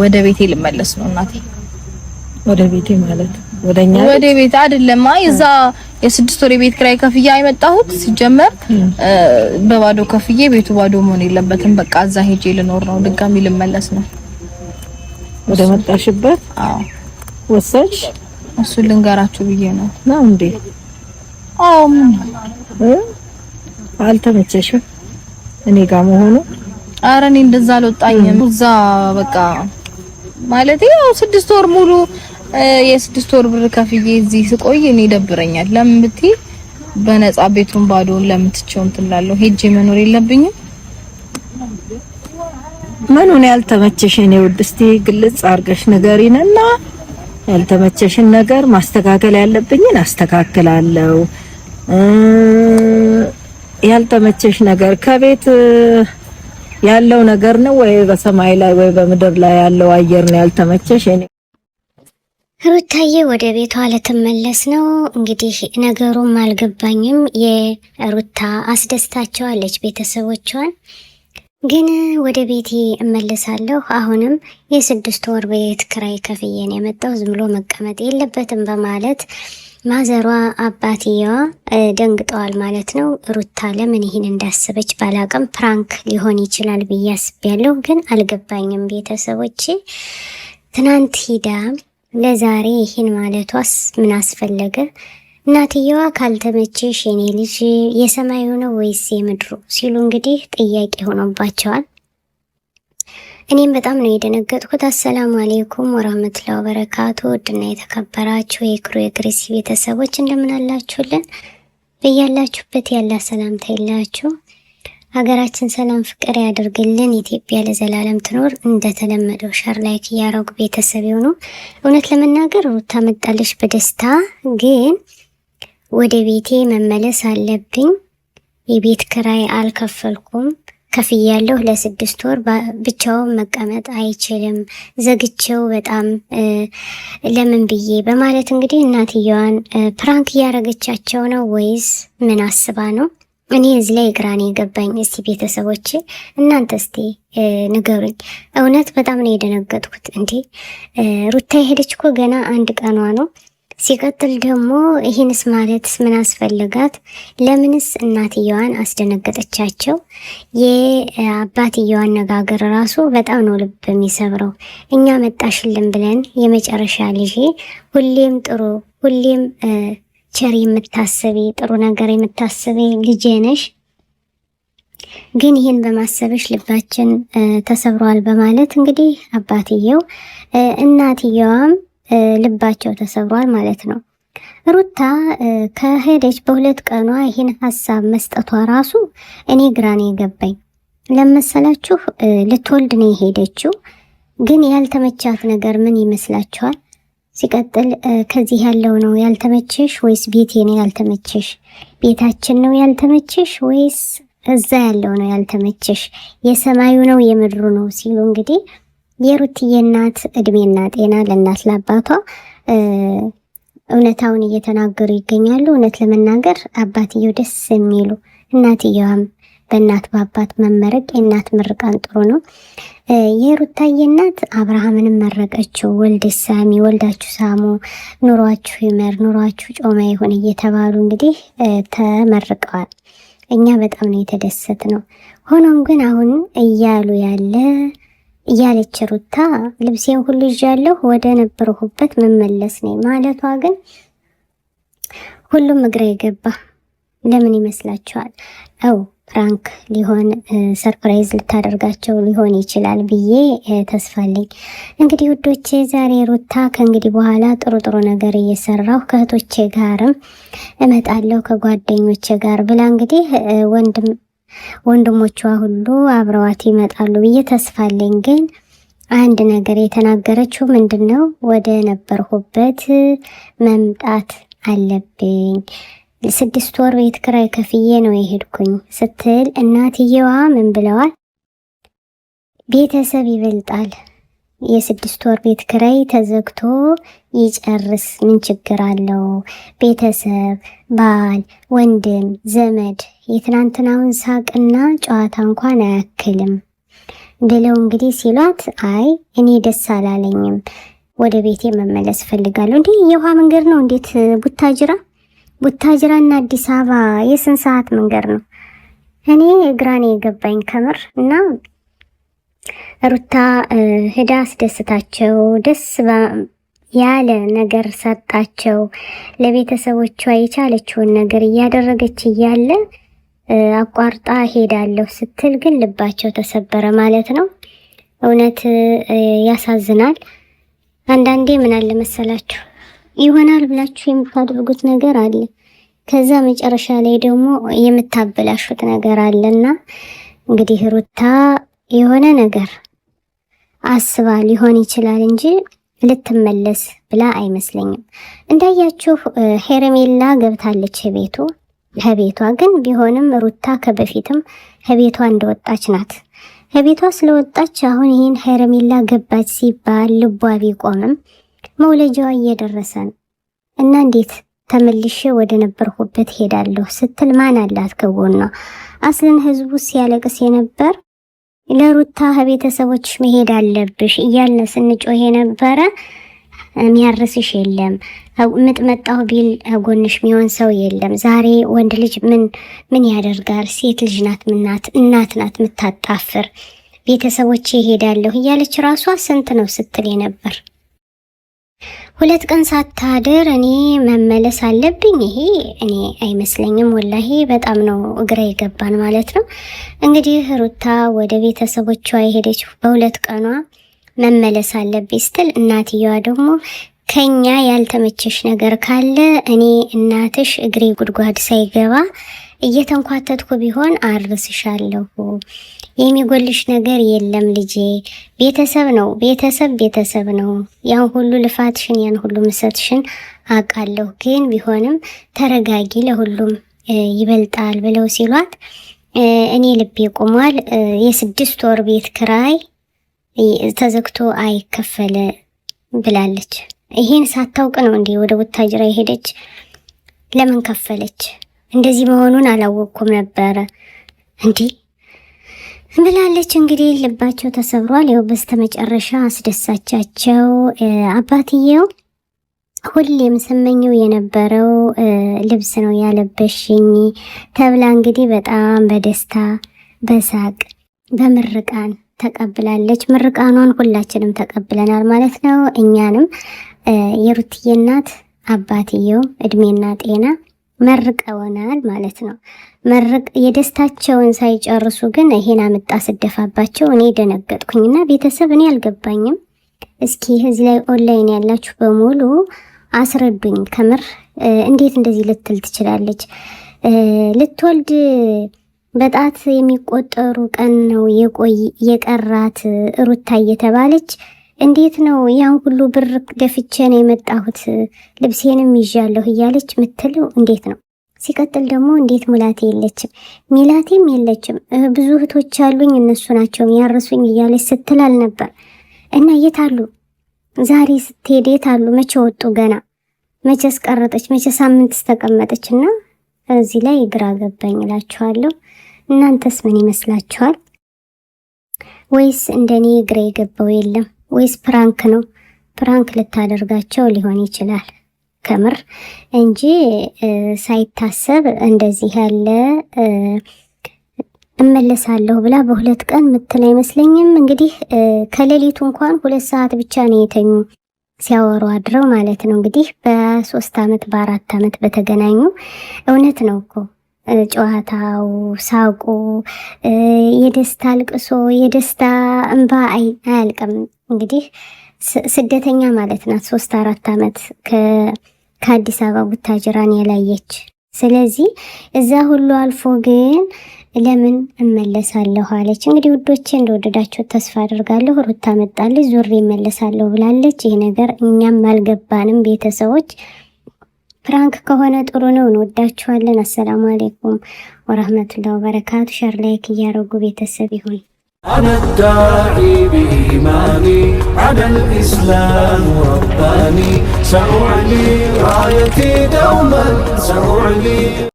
ወደ ቤቴ ልመለስ ነው እናቴ። ወደ ቤቴ ማለት ወደኛ ወደ ቤት አይደለም። አይ እዛ የስድስት ወር ቤት ክራይ ከፍያ አይመጣሁት ሲጀመር በባዶ ከፍዬ ቤቱ ባዶ መሆን የለበትም። በቃ እዛ ሄጄ ልኖር ነው፣ ድጋሚ ልመለስ ነው ወደ መጣሽበት። አዎ ወሰንሽ? እሱ ልንገራችሁ ብዬ ነው። ነው እንዴ? አዎ ምን አልተመቸሽም እኔ ጋር መሆኑ? ኧረ እኔ እንደዛ አልወጣኝም እዛ በቃ ማለት ያው ስድስት ወር ሙሉ የስድስት ወር ብር ከፍዬ እዚህ ስቆይ እኔ ይደብረኛል። ለምን ብትይ በነፃ ቤቱን ባዶውን ለምትቸው እንትን እላለሁ። ሄጄ መኖር የለብኝም። ምኑን ያልተመቸሽ እኔ ውድ እስቲ ግልጽ አድርገሽ ንገሪንና ያልተመቸሽን ነገር ማስተካከል ያለብኝን አስተካክላለሁ። ያልተመቸሽ ነገር ከቤት ያለው ነገር ነው ወይ በሰማይ ላይ ወይ በምድር ላይ ያለው አየር ነው ያልተመቸሽ? እኔ ሩታዬ ወደ ቤቷ ልትመለስ ነው። እንግዲህ ነገሩም አልገባኝም። የሩታ አስደስታቸዋለች ቤተሰቦቿን። ግን ወደ ቤቴ እመለሳለሁ። አሁንም የስድስት ወር ቤት ክራይ ከፍዬን የመጣው ዝም ብሎ መቀመጥ የለበትም በማለት ማዘሯ አባትየዋ ደንግጠዋል ማለት ነው። ሩታ ለምን ይህን እንዳሰበች ባላቅም ፕራንክ ሊሆን ይችላል ብዬ አስቤያለሁ፣ ግን አልገባኝም። ቤተሰቦች ትናንት ሂዳ ለዛሬ ይህን ማለቷስ ምን አስፈለገ? እናትየዋ ካልተመቸሽ የኔ ልጅ የሰማዩ ነው ወይስ የምድሩ ሲሉ እንግዲህ ጥያቄ ሆኖባቸዋል። እኔም በጣም ነው የደነገጥኩት። አሰላሙ አሌይኩም ወራህመቱላሂ ወበረካቱ ውድና የተከበራችሁ የክሩ የግሬሲ ቤተሰቦች እንደምን አላችሁልን? በያላችሁበት ያለ ሰላምታ ይላችሁ። ሀገራችን ሰላም ፍቅር ያደርግልን። ኢትዮጵያ ለዘላለም ትኖር። እንደተለመደው ሸር ላይክ እያረጉ ቤተሰብ የሆኑ እውነት ለመናገር ሩታ መጣለች በደስታ ግን ወደ ቤቴ መመለስ አለብኝ። የቤት ክራይ አልከፈልኩም ከፍያለሁ። ለስድስት ወር ብቻውን መቀመጥ አይችልም፣ ዘግቼው በጣም ለምን ብዬ በማለት እንግዲህ እናትየዋን ፕራንክ እያደረገቻቸው ነው ወይስ ምን አስባ ነው? እኔ እዚህ ላይ ግራ የገባኝ። እስቲ ቤተሰቦች እናንተ እስቲ ንገሩኝ። እውነት በጣም ነው የደነገጥኩት። እንዴ ሩታ የሄደች እኮ ገና አንድ ቀኗ ነው። ሲቀጥል ደግሞ ይህንስ ማለትስ ምን አስፈልጋት ለምንስ እናትየዋን አስደነገጠቻቸው? የአባትየዋን አነጋገር ራሱ በጣም ነው ልብ የሚሰብረው። እኛ መጣሽልን ብለን የመጨረሻ ልጄ ሁሌም ጥሩ ሁሌም ቸር የምታስቢ ጥሩ ነገር የምታስቢ ልጄ ነሽ ግን ይህን በማሰብሽ ልባችን ተሰብሯል በማለት እንግዲህ አባትየው እናትየዋም ልባቸው ተሰብሯል ማለት ነው። ሩታ ከሄደች በሁለት ቀኗ ይህን ሀሳብ መስጠቷ ራሱ እኔ ግራኔ የገባኝ ለመሰላችሁ ልትወልድ ነው የሄደችው። ግን ያልተመቻት ነገር ምን ይመስላችኋል? ሲቀጥል ከዚህ ያለው ነው ያልተመቸሽ ወይስ ቤቴ ነው ያልተመቸሽ? ቤታችን ነው ያልተመቸሽ ወይስ እዛ ያለው ነው ያልተመቸሽ? የሰማዩ ነው የምድሩ ነው ሲሉ እንግዲህ የሩትዬ እናት እድሜና ጤና ለእናት ለአባቷ እውነታውን እየተናገሩ ይገኛሉ። እውነት ለመናገር አባትየው ደስ የሚሉ እናትየዋም በእናት በአባት መመረቅ የእናት ምርቃን ጥሩ ነው። የሩታዬ እናት አብርሃምንም መረቀችው። ወልድ ሳሚ ወልዳችሁ ሳሙ፣ ኑሯችሁ ይመር፣ ኑሯችሁ ጮማ ይሁን እየተባሉ እንግዲህ ተመርቀዋል። እኛ በጣም ነው የተደሰት ነው። ሆኖም ግን አሁን እያሉ ያለ እያለች ሩታ ልብሴን ሁሉ ይዣለሁ ወደ ነበርሁበት መመለስ ነኝ ማለቷ ግን ሁሉም እግራ የገባ ለምን ይመስላችኋል? ው ፕራንክ ሊሆን ሰርፕራይዝ ልታደርጋቸው ሊሆን ይችላል ብዬ ተስፋለኝ። እንግዲህ ውዶቼ ዛሬ ሩታ ከእንግዲህ በኋላ ጥሩ ጥሩ ነገር እየሰራሁ ከእህቶቼ ጋርም እመጣለሁ ከጓደኞቼ ጋር ብላ እንግዲህ ወንድም ወንድሞቿ ሁሉ አብረዋት ይመጣሉ ብዬ ተስፋ አለኝ። ግን አንድ ነገር የተናገረችው ምንድን ነው? ወደ ነበርሁበት መምጣት አለብኝ ስድስት ወር ቤት ክራይ ከፍዬ ነው የሄድኩኝ ስትል እናትየዋ ምን ብለዋል? ቤተሰብ ይበልጣል የስድስት ወር ቤት ክራይ ተዘግቶ ይጨርስ፣ ምን ችግር አለው? ቤተሰብ፣ ባል፣ ወንድም፣ ዘመድ የትናንትናውን ሳቅና ጨዋታ እንኳን አያክልም ብለው እንግዲህ ሲሏት፣ አይ እኔ ደስ አላለኝም፣ ወደ ቤቴ መመለስ ፈልጋለሁ። እንዲህ የውሃ መንገድ ነው። እንዴት ቡታጅራ ቡታጅራና አዲስ አበባ የስንት ሰዓት መንገድ ነው? እኔ እግራኔ የገባኝ ከምር እና ሩታ ሄዳ አስደስታቸው ደስ ያለ ነገር ሰጣቸው። ለቤተሰቦቿ የቻለችውን ነገር እያደረገች እያለ አቋርጣ ሄዳለሁ ስትል ግን ልባቸው ተሰበረ ማለት ነው። እውነት ያሳዝናል። አንዳንዴ ምን አለ መሰላችሁ ይሆናል ብላችሁ የምታደርጉት ነገር አለ፣ ከዛ መጨረሻ ላይ ደግሞ የምታበላሹት ነገር አለና እንግዲህ ሩታ የሆነ ነገር አስባ ሊሆን ይችላል እንጂ ልትመለስ ብላ አይመስለኝም። እንዳያችሁ ሄረሜላ ገብታለች ቤቱ ከቤቷ ግን ቢሆንም ሩታ ከበፊትም ከቤቷ እንደወጣች ናት። ከቤቷ ስለወጣች አሁን ይህን ሄረሜላ ገባች ሲባል ልቧ ቢቆምም መውለጃዋ እየደረሰ ነው እና እንዴት ተመልሼ ወደ ነበርኩበት ሄዳለሁ ስትል ማን አላት ከጎኗ? አስልን ህዝቡ ሲያለቅስ የነበር ለሩታ ከቤተሰቦችሽ መሄድ አለብሽ እያልን ስንጮህ የነበረ የሚያርስሽ የለም። ምጥመጣው ቢል ጎንሽ የሚሆን ሰው የለም። ዛሬ ወንድ ልጅ ምን ምን ያደርጋል? ሴት ልጅ ናት፣ ምናት እናት ናት የምታጣፍር። ቤተሰቦች እሄዳለሁ እያለች ራሷ ስንት ነው ስትል ነበር። ሁለት ቀን ሳታድር እኔ መመለስ አለብኝ። ይሄ እኔ አይመስለኝም፣ ወላሂ በጣም ነው እግራ ይገባን ማለት ነው። እንግዲህ ሩታ ወደ ቤተሰቦቿ የሄደች በሁለት ቀኗ መመለስ አለብኝ ስትል እናትየዋ ደግሞ ከኛ ያልተመቸሽ ነገር ካለ እኔ እናትሽ እግሬ ጉድጓድ ሳይገባ እየተንኳተትኩ ቢሆን አርስሻለሁ የሚጎልሽ ነገር የለም ልጄ። ቤተሰብ ነው ቤተሰብ ቤተሰብ ነው። ያን ሁሉ ልፋትሽን ያን ሁሉ ምሰትሽን አውቃለሁ፣ ግን ቢሆንም ተረጋጊ፣ ለሁሉም ይበልጣል ብለው ሲሏት እኔ ልቤ ቆሟል። የስድስት ወር ቤት ክራይ ተዘግቶ አይከፈል ብላለች። ይሄን ሳታውቅ ነው እንዴ ወደ ቡታጅራ የሄደች? ለምን ከፈለች? እንደዚህ መሆኑን አላወቅኩም ነበረ እንዴ ብላለች። እንግዲህ ልባቸው ተሰብሯል። ያው በስተመጨረሻ አስደሳቻቸው አባትየው ሁሌም ስመኘው የነበረው ልብስ ነው ያለበሽኝ ተብላ እንግዲህ በጣም በደስታ በሳቅ በምርቃን ተቀብላለች። ምርቃኗን ሁላችንም ተቀብለናል ማለት ነው። እኛንም የሩትዬ እናት አባትየው እድሜና ጤና መርቀውናል ማለት ነው። መርቅ የደስታቸውን ሳይጨርሱ ግን ይሄን አመጣ ስደፋባቸው እኔ ደነገጥኩኝና ቤተሰብ እኔ አልገባኝም። እስኪ እዚህ ላይ ኦንላይን ያላችሁ በሙሉ አስረዱኝ። ከምር እንዴት እንደዚህ ልትል ትችላለች? ልትወልድ በጣት የሚቆጠሩ ቀን ነው የቆይ የቀራት ሩታ እየተባለች እንዴት ነው ያን ሁሉ ብር ደፍቼ ነው የመጣሁት ልብሴንም ይዣለሁ እያለች ምትል እንዴት ነው? ሲቀጥል ደግሞ እንዴት ሙላቴ የለችም ሚላቴም የለችም ብዙ እህቶች አሉኝ እነሱ ናቸው ያረሱኝ እያለች ስትላል ነበር እና የት አሉ ዛሬ ስትሄድ የት አሉ? መቼ ወጡ? ገና መቼ አስቀረጠች? መቼ ሳምንት ስተቀመጠች? እና እዚህ ላይ ግራ ገባኝ እላችኋለሁ። እናንተስ ምን ይመስላችኋል? ወይስ እንደኔ ግራ የገባው የለም? ወይስ ፕራንክ ነው? ፕራንክ ልታደርጋቸው ሊሆን ይችላል ከምር እንጂ ሳይታሰብ እንደዚህ ያለ እመለሳለሁ ብላ በሁለት ቀን ምትል አይመስለኝም። እንግዲህ ከሌሊቱ እንኳን ሁለት ሰዓት ብቻ ነው የተኙ ሲያወሩ አድረው ማለት ነው። እንግዲህ በሶስት አመት በአራት አመት በተገናኙ እውነት ነው እኮ ጨዋታው፣ ሳቁ፣ የደስታ አልቅሶ፣ የደስታ እንባ አያልቅም። እንግዲህ ስደተኛ ማለት ናት። ሶስት አራት ዓመት ከአዲስ አበባ ቡታጅራን የላየች። ስለዚህ እዛ ሁሉ አልፎ ግን ለምን እመለሳለሁ አለች። እንግዲህ ውዶቼ እንደወደዳቸው ተስፋ አድርጋለሁ። ሩታ መጣለች፣ ዙሬ እመለሳለሁ ብላለች። ይህ ነገር እኛም አልገባንም። ቤተሰቦች ፍራንክ ከሆነ ጥሩ ነው። እንወዳችኋለን። አሰላሙ አሌይኩም ወረህመቱላ ወበረካቱ። ሸር ላይክ እያደረጉ ቤተሰብ ይሁን أنا الداعي بإيماني على الإسلام رباني سأعلي رايتي دوما سأعلي